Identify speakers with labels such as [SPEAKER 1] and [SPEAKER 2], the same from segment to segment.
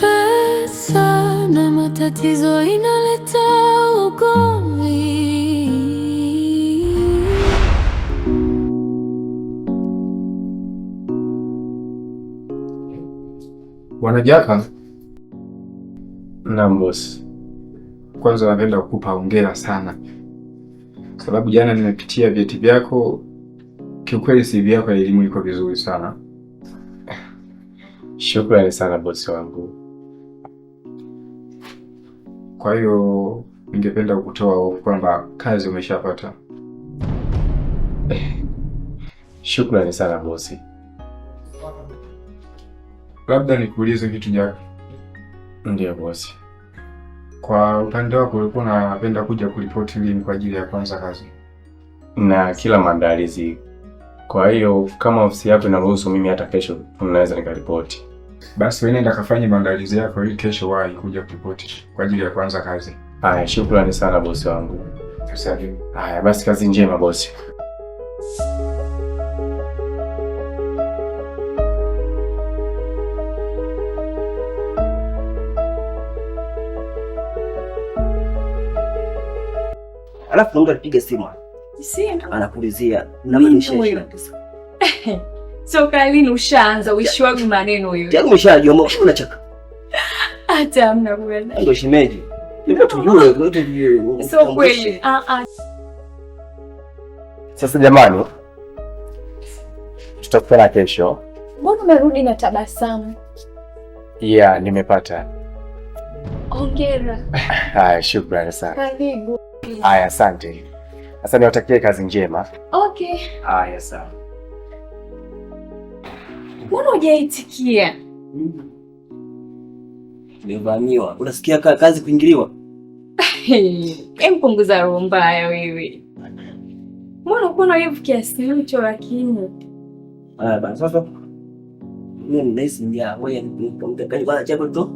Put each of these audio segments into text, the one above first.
[SPEAKER 1] Pesa na matatizo inaleta ugomvi. Bwana Jaka
[SPEAKER 2] Naam boss.
[SPEAKER 1] Kwanza napenda kukupa hongera sana, sababu jana nimepitia vyeti vyako. Kiukweli CV yako ya elimu iko vizuri sana.
[SPEAKER 2] Shukrani sana bosi wangu.
[SPEAKER 1] Kwa hiyo ningependa kutoa hofu kwamba kazi umeshapata.
[SPEAKER 2] Shukrani sana bosi.
[SPEAKER 1] Labda nikuulize kitu Jaka.
[SPEAKER 2] Ndiyo bosi.
[SPEAKER 1] Kwa upande wako ulikuwa unapenda kuja kuripoti lini kwa ajili ya kuanza kazi?
[SPEAKER 2] Na kila maandalizi. Kwa hiyo kama ofisi yako inaruhusu, mimi hata kesho unaweza nikaripoti.
[SPEAKER 1] Basi wewe nenda kafanye maandalizi yako ili kesho wahi kuja kuripoti kwa ajili ya kuanza kazi.
[SPEAKER 2] Haya, shukrani sana bosi wangu. Haya, basi kazi njema bosi.
[SPEAKER 3] Alafu na mtu alipiga simu. Sina. Anakuulizia unabadilisha.
[SPEAKER 4] So kalini ushaanza uishi wangu maneno hiyo.
[SPEAKER 3] Tayari umeshajua mbona unachaka?
[SPEAKER 4] Hata hamna bwana.
[SPEAKER 3] Ndio shimeji. Ndio tujue, ndio ah. tujue.
[SPEAKER 4] So kweli. Ah ah.
[SPEAKER 2] Sasa jamani, tutakutana kesho.
[SPEAKER 4] Mbona umerudi na tabasamu?
[SPEAKER 2] Yeah, nimepata
[SPEAKER 4] Hongera.
[SPEAKER 2] Haya, shukrani sana.
[SPEAKER 4] Karibu.
[SPEAKER 2] Haya, asante. Sasa niwatakie kazi njema. Okay. Haya, sawa.
[SPEAKER 4] Mbona hujaitikia? Mm.
[SPEAKER 3] Unasikia ka kazi kuingiliwa?
[SPEAKER 4] Mpunguza roho mbaya wewe. Mbona uko na hivu kiasi hicho lakini?
[SPEAKER 3] Haya bana, sasa. Mimi nahisi Wewe ni mtu mtakayewala chakula tu.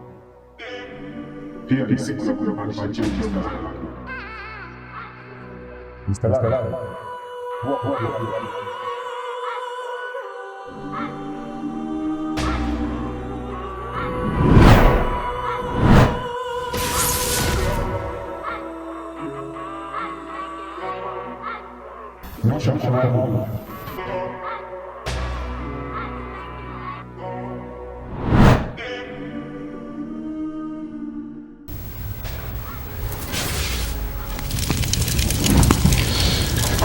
[SPEAKER 4] Pega e segura por uma batida de escalada. Boa, boa, boa.
[SPEAKER 1] Não chama chamar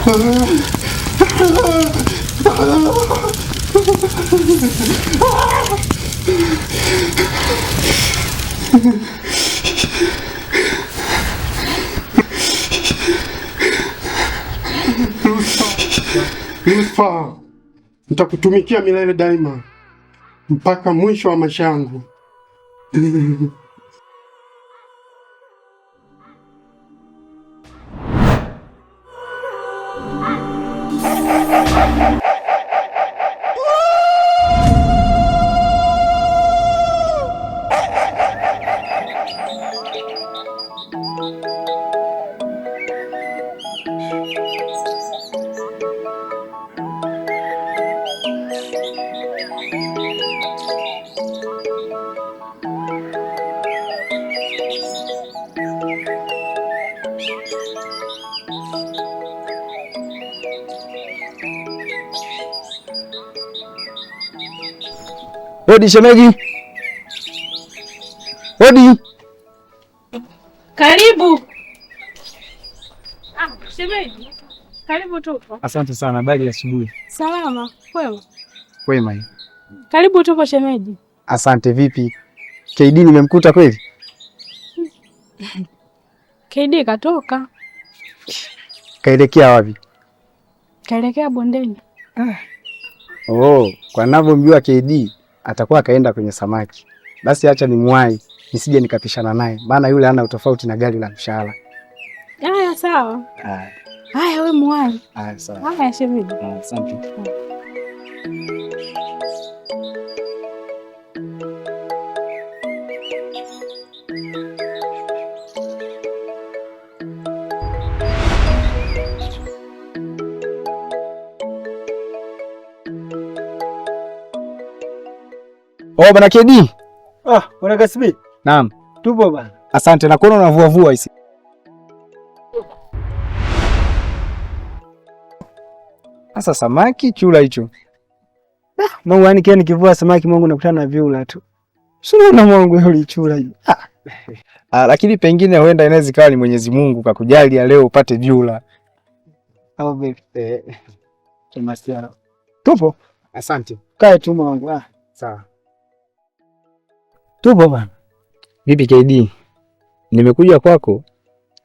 [SPEAKER 1] Luther, nitakutumikia milele daima mpaka mwisho wa maisha yangu. Hodi shemeji. Hodi.
[SPEAKER 4] Karibu. Ah, shemeji. Karibu tupo.
[SPEAKER 1] Asante sana. Habari ya asubuhi.
[SPEAKER 4] Salama. Kwema. Kwema. Eh. Karibu tupo shemeji.
[SPEAKER 1] Asante. Vipi KD, nimemkuta kweli?
[SPEAKER 4] KD katoka.
[SPEAKER 1] Kaelekea wapi?
[SPEAKER 4] Kaelekea bondeni. Ah.
[SPEAKER 1] Oh, kwa ninavyomjua KD atakuwa akaenda kwenye samaki, basi acha mwai nisije nikapishana naye, maana yule ana utofauti na gari la mshahara.
[SPEAKER 4] Haya, sawa. Haya, we mwai. Haya, sawa. Haya, shemeji.
[SPEAKER 2] Asante.
[SPEAKER 1] Oh, bana KD.
[SPEAKER 5] Ah, bana Kasbi. Naam. Tupo bana.
[SPEAKER 1] Asante na kuona unavua vua hisi. Sasa samaki chula hicho.
[SPEAKER 5] Ah, Mungu yaani kia nikivua samaki Mungu nakutana na viula tu. Sio na Mungu yule chula hiyo. Ah.
[SPEAKER 1] Ah, lakini pengine huenda inaweza ikawa ni Mwenyezi Mungu kakujalia leo upate viula.
[SPEAKER 5] Oh, Au vipi? Eh. Tumasiana.
[SPEAKER 1] Tupo.
[SPEAKER 2] Asante.
[SPEAKER 5] Kae tu Mungu. Ah. Sawa. Tupo bana.
[SPEAKER 1] Vipi KD? Nimekuja kwako,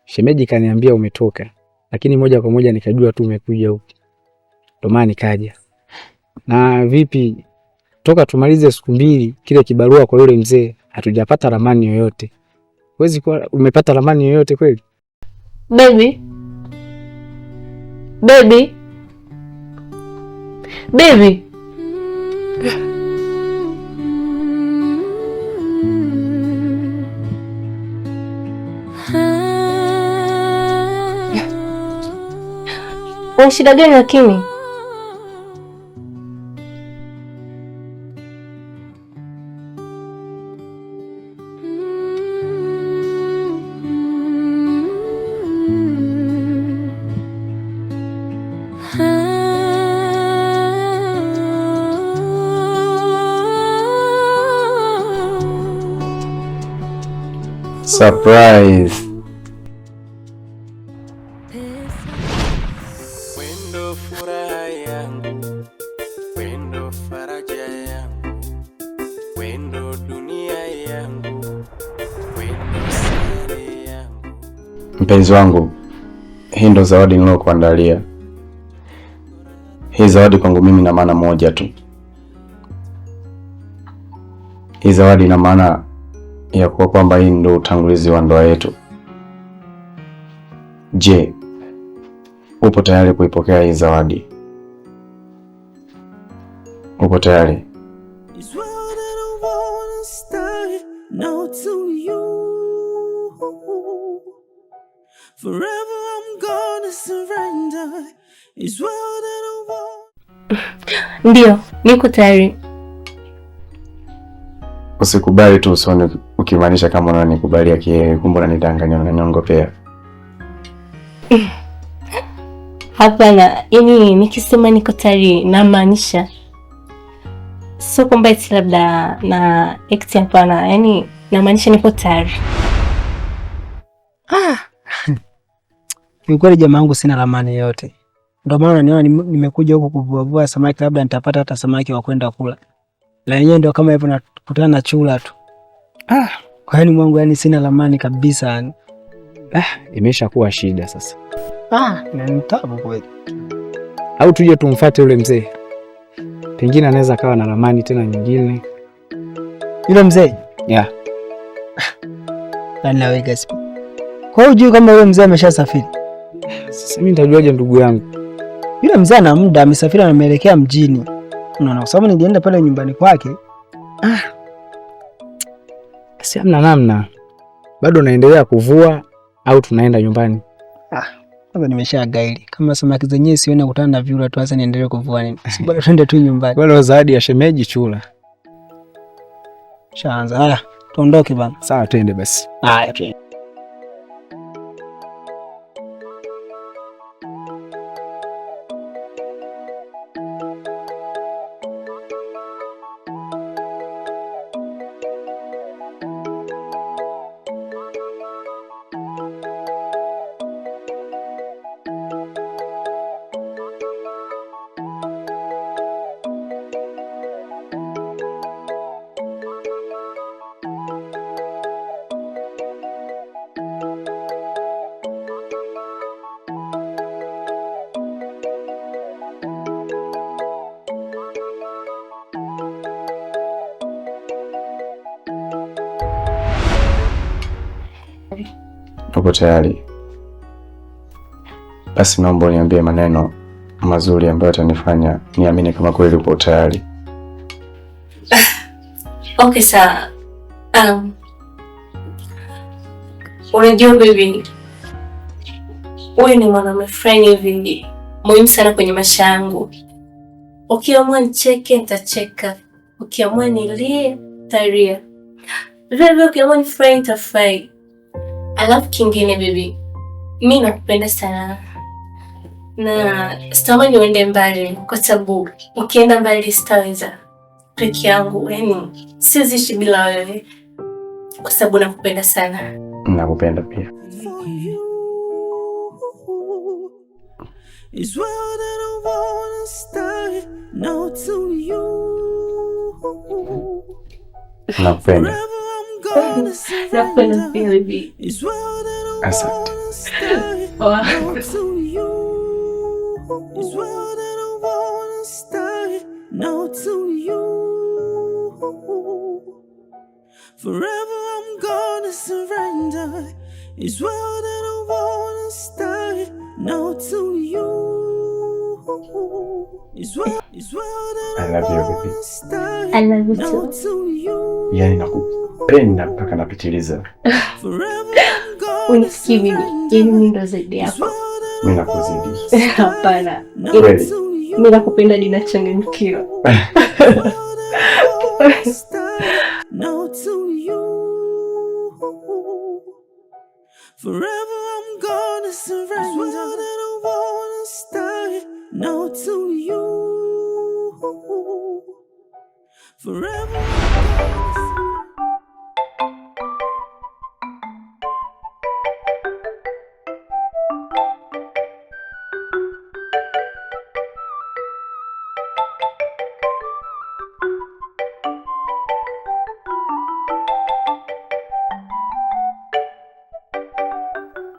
[SPEAKER 1] shemeji kaniambia umetoka, lakini moja kwa moja nikajua tu umekuja huku, ndio maana nikaja. Na vipi, toka tumalize siku mbili kile kibarua kwa yule mzee, hatujapata ramani yoyote. Huwezi kuwa umepata ramani yoyote kweli?
[SPEAKER 4] Baby. Baby. Baby. Kuna shida gani lakini?
[SPEAKER 2] Surprise. Mpenzi wangu, hii ndo zawadi nilokuandalia Hii zawadi kwangu mimi ina maana moja tu. Hii zawadi ina maana ya kuwa kwamba hii ndo utangulizi wa ndoa yetu. Je, upo tayari kuipokea hii zawadi? Upo tayari?
[SPEAKER 4] Forever I'm gonna surrender. is well that I want. Ndio, niko tayari.
[SPEAKER 2] Usikubali tu usoni ukimaanisha kama unanikubali akiewe, kumbe unanidanganya unaniongopea.
[SPEAKER 4] Hapana, yaani nikisema niko tayari namaanisha sio kwamba eti labda na ekti, hapana, yani namaanisha niko tayari.
[SPEAKER 5] Ah. Kiukweli jamaa wangu, sina ramani yote, ndio maana niona nimekuja huku kuvuavua samaki, labda nitapata hata samaki wa kwenda kula, na yenyewe ndio kama hivyo, nakutana na chula tu. Ah, kwa hiyo mwangu, yani sina ramani kabisa.
[SPEAKER 2] Ah, kuwa shida sasa.
[SPEAKER 4] Ah,
[SPEAKER 5] ni taabu kweli.
[SPEAKER 1] Au tuje tumfuate yule mzee, pengine anaweza kawa na ramani tena nyingine.
[SPEAKER 5] Yule mzee yeah. Ah. Kwa hiyo kama yule mzee ameshasafiri?
[SPEAKER 1] Sasa mimi nitajuaje ndugu yangu?
[SPEAKER 5] Yule mzee ana muda amesafiri, anaelekea mjini. Unaona, kwa sababu nilienda pale nyumbani kwake. Ah.
[SPEAKER 1] Si amna namna. Bado unaendelea kuvua au tunaenda nyumbani? Ah,
[SPEAKER 5] kwanza nimesha gaili. Kama samaki zenyewe sione kutana na vyura tu hasa niendelee kuvua nini? Si bado tuende tu nyumbani.
[SPEAKER 1] Bado zawadi ya shemeji chula.
[SPEAKER 5] Shaanza. Haya, tuondoke bana.
[SPEAKER 2] Sawa, twende basi. Haya, okay. upo tayari, basi naomba uniambie maneno mazuri ambayo yatanifanya niamini kama kweli uko tayari.
[SPEAKER 4] Okay, sawa. Um, unajua baby, huyu ni mwanaume fulani hivi muhimu sana kwenye maisha yangu. Ukiamua nicheke nitacheka, ukiamua nilie nitalia, vile vile ukiamua nifurahi nitafurahi. Alafu kingine bibi, mi nakupenda sana na sitamani uende mbali, kwa sababu ukienda mbali sitaweza peke yangu. Yani sizishi bila wewe, kwa sababu nakupenda sana.
[SPEAKER 2] Nakupenda pia. Nakupenda.
[SPEAKER 4] no puedo escribir beat. to you. Forever I'm
[SPEAKER 2] gonna surrender. It's well that I wanna stay. No to you. I love you baby.
[SPEAKER 4] I love you
[SPEAKER 2] too. Yani nakupenda mpaka napitiliza.
[SPEAKER 4] Unisikii mimi, yani mimi ndo zaidi yako.
[SPEAKER 2] Mimi nakuzidi.
[SPEAKER 4] Hapana.
[SPEAKER 2] Mimi
[SPEAKER 4] nakupenda ninachanganyikiwa. Forever I'm gonna surrender. now to you forever.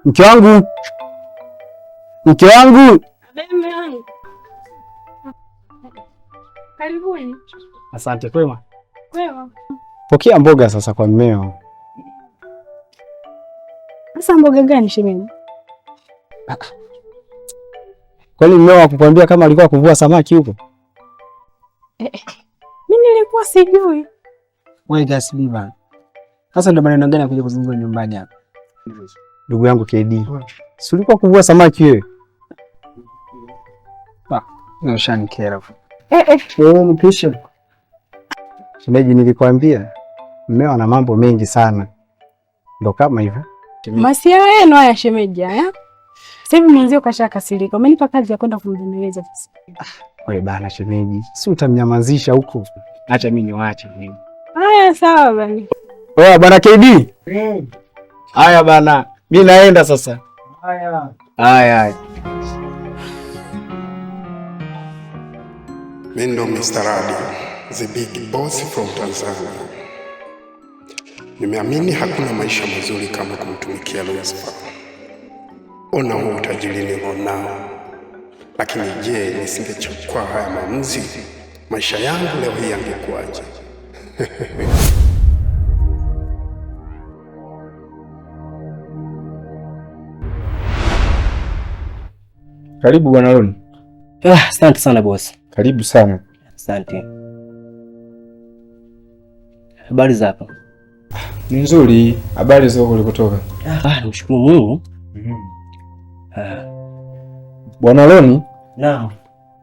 [SPEAKER 1] Mke wangu, mke wangu. Asante. Kwema? Kwema. Pokea mboga sasa kwa mmeo.
[SPEAKER 4] Sasa mboga gani shemeji?
[SPEAKER 1] Kwani mmeo akukwambia kama alikuwa kuvua samaki huko?
[SPEAKER 4] Eh, mimi eh. nilikuwa sijui.
[SPEAKER 5] Wewe gasibi bana. Sasa ndo maneno gani akuja kuzungumza nyumbani hapa?
[SPEAKER 1] Ndugu yangu KD. Si ulikuwa kuvua samaki wewe?
[SPEAKER 5] Ah, no shankera. Eh eh. Oh, mpisha.
[SPEAKER 1] Shemeji, nilikwambia mmeo ana mambo mengi sana, ndo kama hivyo.
[SPEAKER 4] Masiala yenu haya shemeji, haya sasa hivi mwanzio kasha kasirika, umenipa kazi ya kwenda kumvumilia. Ah,
[SPEAKER 1] wewe bana shemeji, si utamnyamazisha huko?
[SPEAKER 5] Acha mimi niwaache mimi.
[SPEAKER 4] Haya sawa bana.
[SPEAKER 1] Oya bana KD. Haya bana, mimi naenda sasa. Haya. Haya.
[SPEAKER 6] Mimi ndo Mr. Radio. The Big Boss from Tanzania. Nimeamini hakuna maisha mazuri kama kumtumikia Lucifer. Ona huo utajiri nilionao, lakini je, nisingechukua haya maamuzi, maisha yangu leo hii yangekuwaje?
[SPEAKER 1] Karibu bwana Loni.
[SPEAKER 7] Ah, asante sana boss.
[SPEAKER 1] Karibu sana.
[SPEAKER 7] Asante. Habari za hapa?
[SPEAKER 1] Ni nzuri. Habari za huko ulikotoka?
[SPEAKER 7] Ah, namshukuru ah, Mungu. Mm.
[SPEAKER 1] Ah. Bwana Loni? Naam.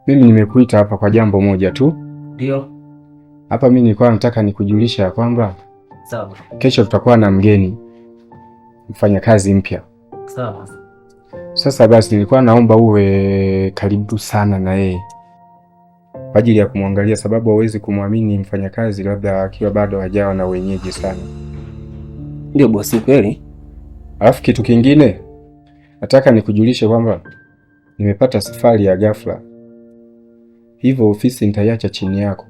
[SPEAKER 1] Mimi nimekuita hapa kwa jambo moja tu. Ndio. Hapa mimi nilikuwa nataka nikujulisha ya kwamba sawa. Kesho tutakuwa na mgeni mfanyakazi mpya. Sawa. Sasa basi nilikuwa naomba uwe karibu sana na yeye kwa ajili ya kumwangalia, sababu hawezi kumwamini mfanyakazi labda akiwa bado hajawa na wenyeji sana.
[SPEAKER 7] Ndio bosi, kweli.
[SPEAKER 1] Alafu kitu kingine nataka nikujulishe kwamba nimepata safari ya ghafla, hivyo ofisi nitaiacha chini yako.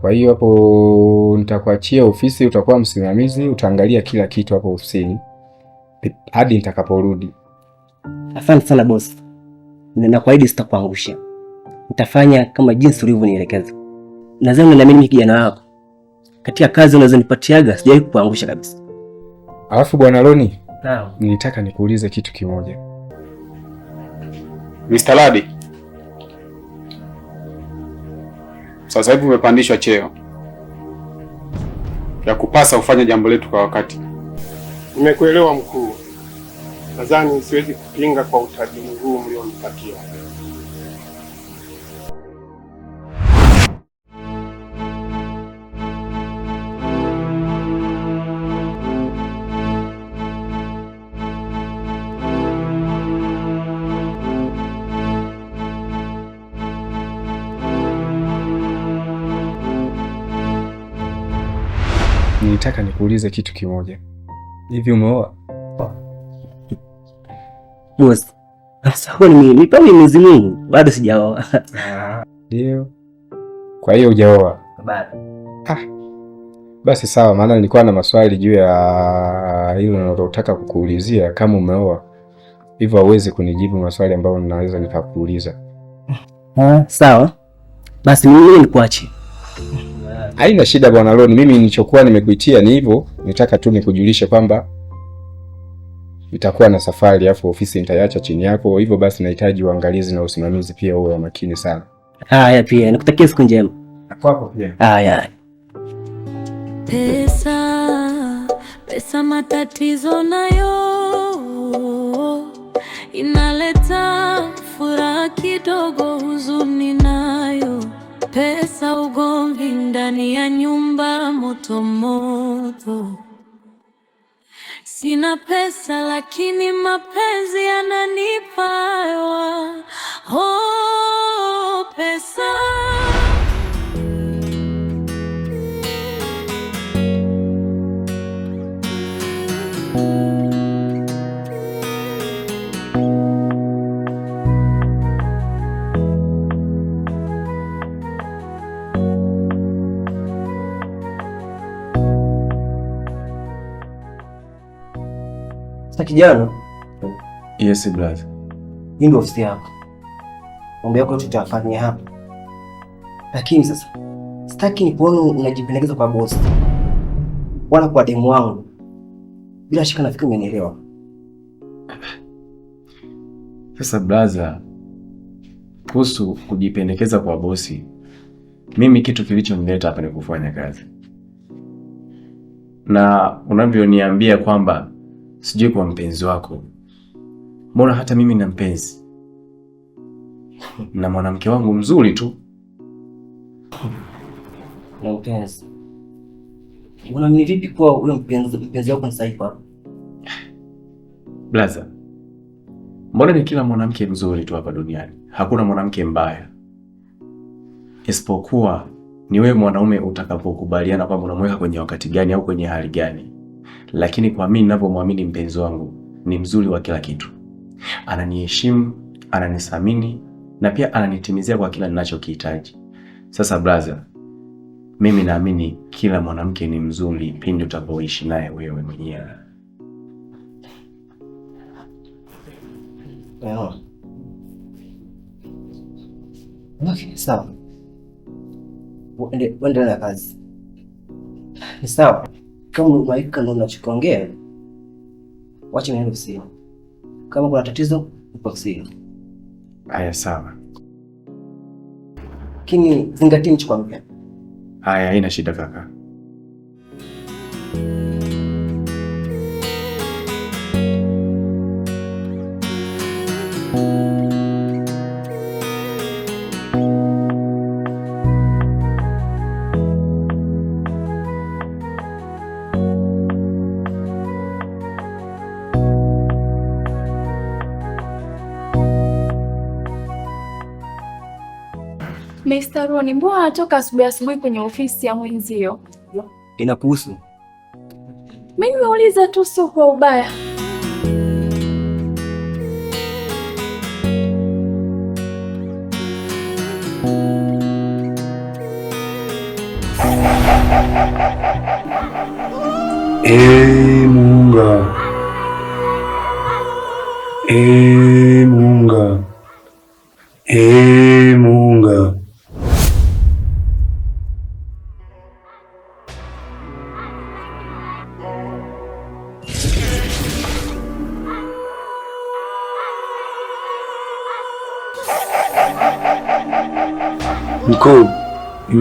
[SPEAKER 1] Kwa hiyo hapo nitakuachia ofisi, utakuwa msimamizi, utaangalia kila kitu hapo ofisini hadi nitakaporudi.
[SPEAKER 7] Asante sana bosi, ninakuahidi sitakuangusha. Nitafanya kama jinsi ulivyonielekeza. Nadhani unaniamini mimi kijana wako. Katika kazi unazonipatiaga sijawahi kukuangusha kabisa.
[SPEAKER 1] Alafu bwana Loni, naam, nilitaka nikuulize kitu kimoja.
[SPEAKER 8] Mr. Ladi. Sasa hivi umepandishwa cheo.
[SPEAKER 1] Ya kupasa ufanye jambo letu kwa wakati.
[SPEAKER 8] Nimekuelewa mkuu. Nadhani siwezi kupinga kwa utabiri huu mlionipatia.
[SPEAKER 1] nataka nikuulize kitu kimoja. Hivi umeoa?
[SPEAKER 7] Boss, sasa ni mimi Mwenyezi Mungu bado sijaoa.
[SPEAKER 1] Ndio. Kwa hiyo hujaoa? Bado. Basi sawa, maana nilikuwa na maswali juu ya hilo nalotaka kukuulizia kama umeoa, hivyo hauwezi kunijibu maswali ambayo ninaweza nikakuuliza.
[SPEAKER 7] Sawa basi, mimi nikuache.
[SPEAKER 1] Haina shida bwana Ron, mimi nilichokuwa nimekuitia ni hivyo, nitaka tu nikujulishe kwamba itakuwa na safari afu ofisi nitaiacha chini yako, hivyo basi nahitaji uangalizi na usimamizi pia uwe makini sana.
[SPEAKER 7] Haya, pia nikutakia siku njema. Kwako pia. Haya. Pesa, pesa matatizo nayo inaleta furaha kidogo, huzuni pesa, ugomvi ndani ya nyumba, moto moto. Sina pesa lakini mapenzi yananipa hewa. Oh, pesa hata kijana.
[SPEAKER 2] Yes brother.
[SPEAKER 7] Hii ndio ofisi yako, mambo yako yote utafanya hapa, lakini sasa sitaki nikuone unajipendekeza kwa bosi wala kwa demu wangu. Bila shaka nafikiri umenielewa.
[SPEAKER 2] Sasa brother, kuhusu kujipendekeza kwa bosi, mimi kitu kilichonileta hapa ni kufanya kazi, na unavyoniambia kwamba sijui kwa mpenzi wako, mbona hata mimi na mpenzi na mwanamke wangu mzuri tu
[SPEAKER 7] na mpenzi. ni vipi kwa ule mpenzi, mpenzi wako Saifa?
[SPEAKER 2] Blaza, mbona ni kila mwanamke mzuri tu hapa duniani, hakuna mwanamke mbaya, isipokuwa ni wewe mwanaume utakapokubaliana kwamba unamweka kwenye wakati gani au kwenye hali gani lakini kwa mimi ninavyomwamini mpenzi wangu ni mzuri wa kila kitu, ananiheshimu, ananithamini na pia ananitimizia kwa kila ninachokihitaji. Sasa brother, mimi naamini kila mwanamke ni mzuri pindi utakapoishi naye wewe mwenyewe.
[SPEAKER 7] Okay, sawa, uendelee na kazi. Ni sawa kama unaika ndo unachokiongea, wacha mimi nikusie. Kama kuna tatizo nikusie.
[SPEAKER 2] Haya, sawa.
[SPEAKER 7] Kini zingatia nilichokuambia.
[SPEAKER 2] Haya, haina shida kaka.
[SPEAKER 4] Roni, mbona atoka asubuhi asubuhi kwenye ofisi ya mwenzio? Inakuhusu? Mimi nimeuliza tu, sio kwa ubaya. Ee Munga, ee Munga,
[SPEAKER 1] ee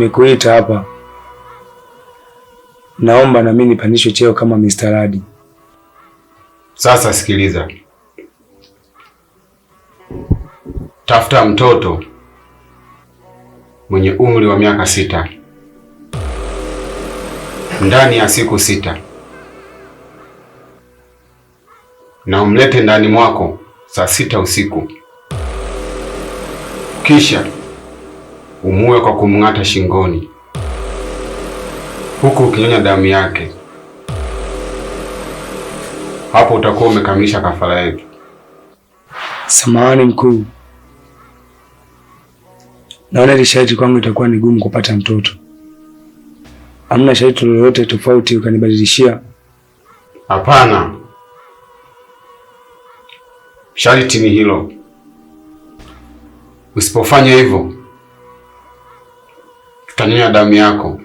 [SPEAKER 1] nimekuita hapa, naomba na mimi nipandishwe cheo kama Mr. Radi.
[SPEAKER 8] Sasa sikiliza, tafuta mtoto mwenye umri wa miaka sita ndani ya siku sita na umlete ndani mwako saa sita usiku kisha umue kwa kumng'ata shingoni huku ukinyonya damu yake. Hapo utakuwa umekamilisha kafara yetu.
[SPEAKER 1] Samahani mkuu, naona ile shariti kwangu itakuwa ni gumu kupata mtoto. Hamna shaiti lolote tofauti ukanibadilishia?
[SPEAKER 8] Hapana, sharti ni hilo. Usipofanya hivyo Tania damu yako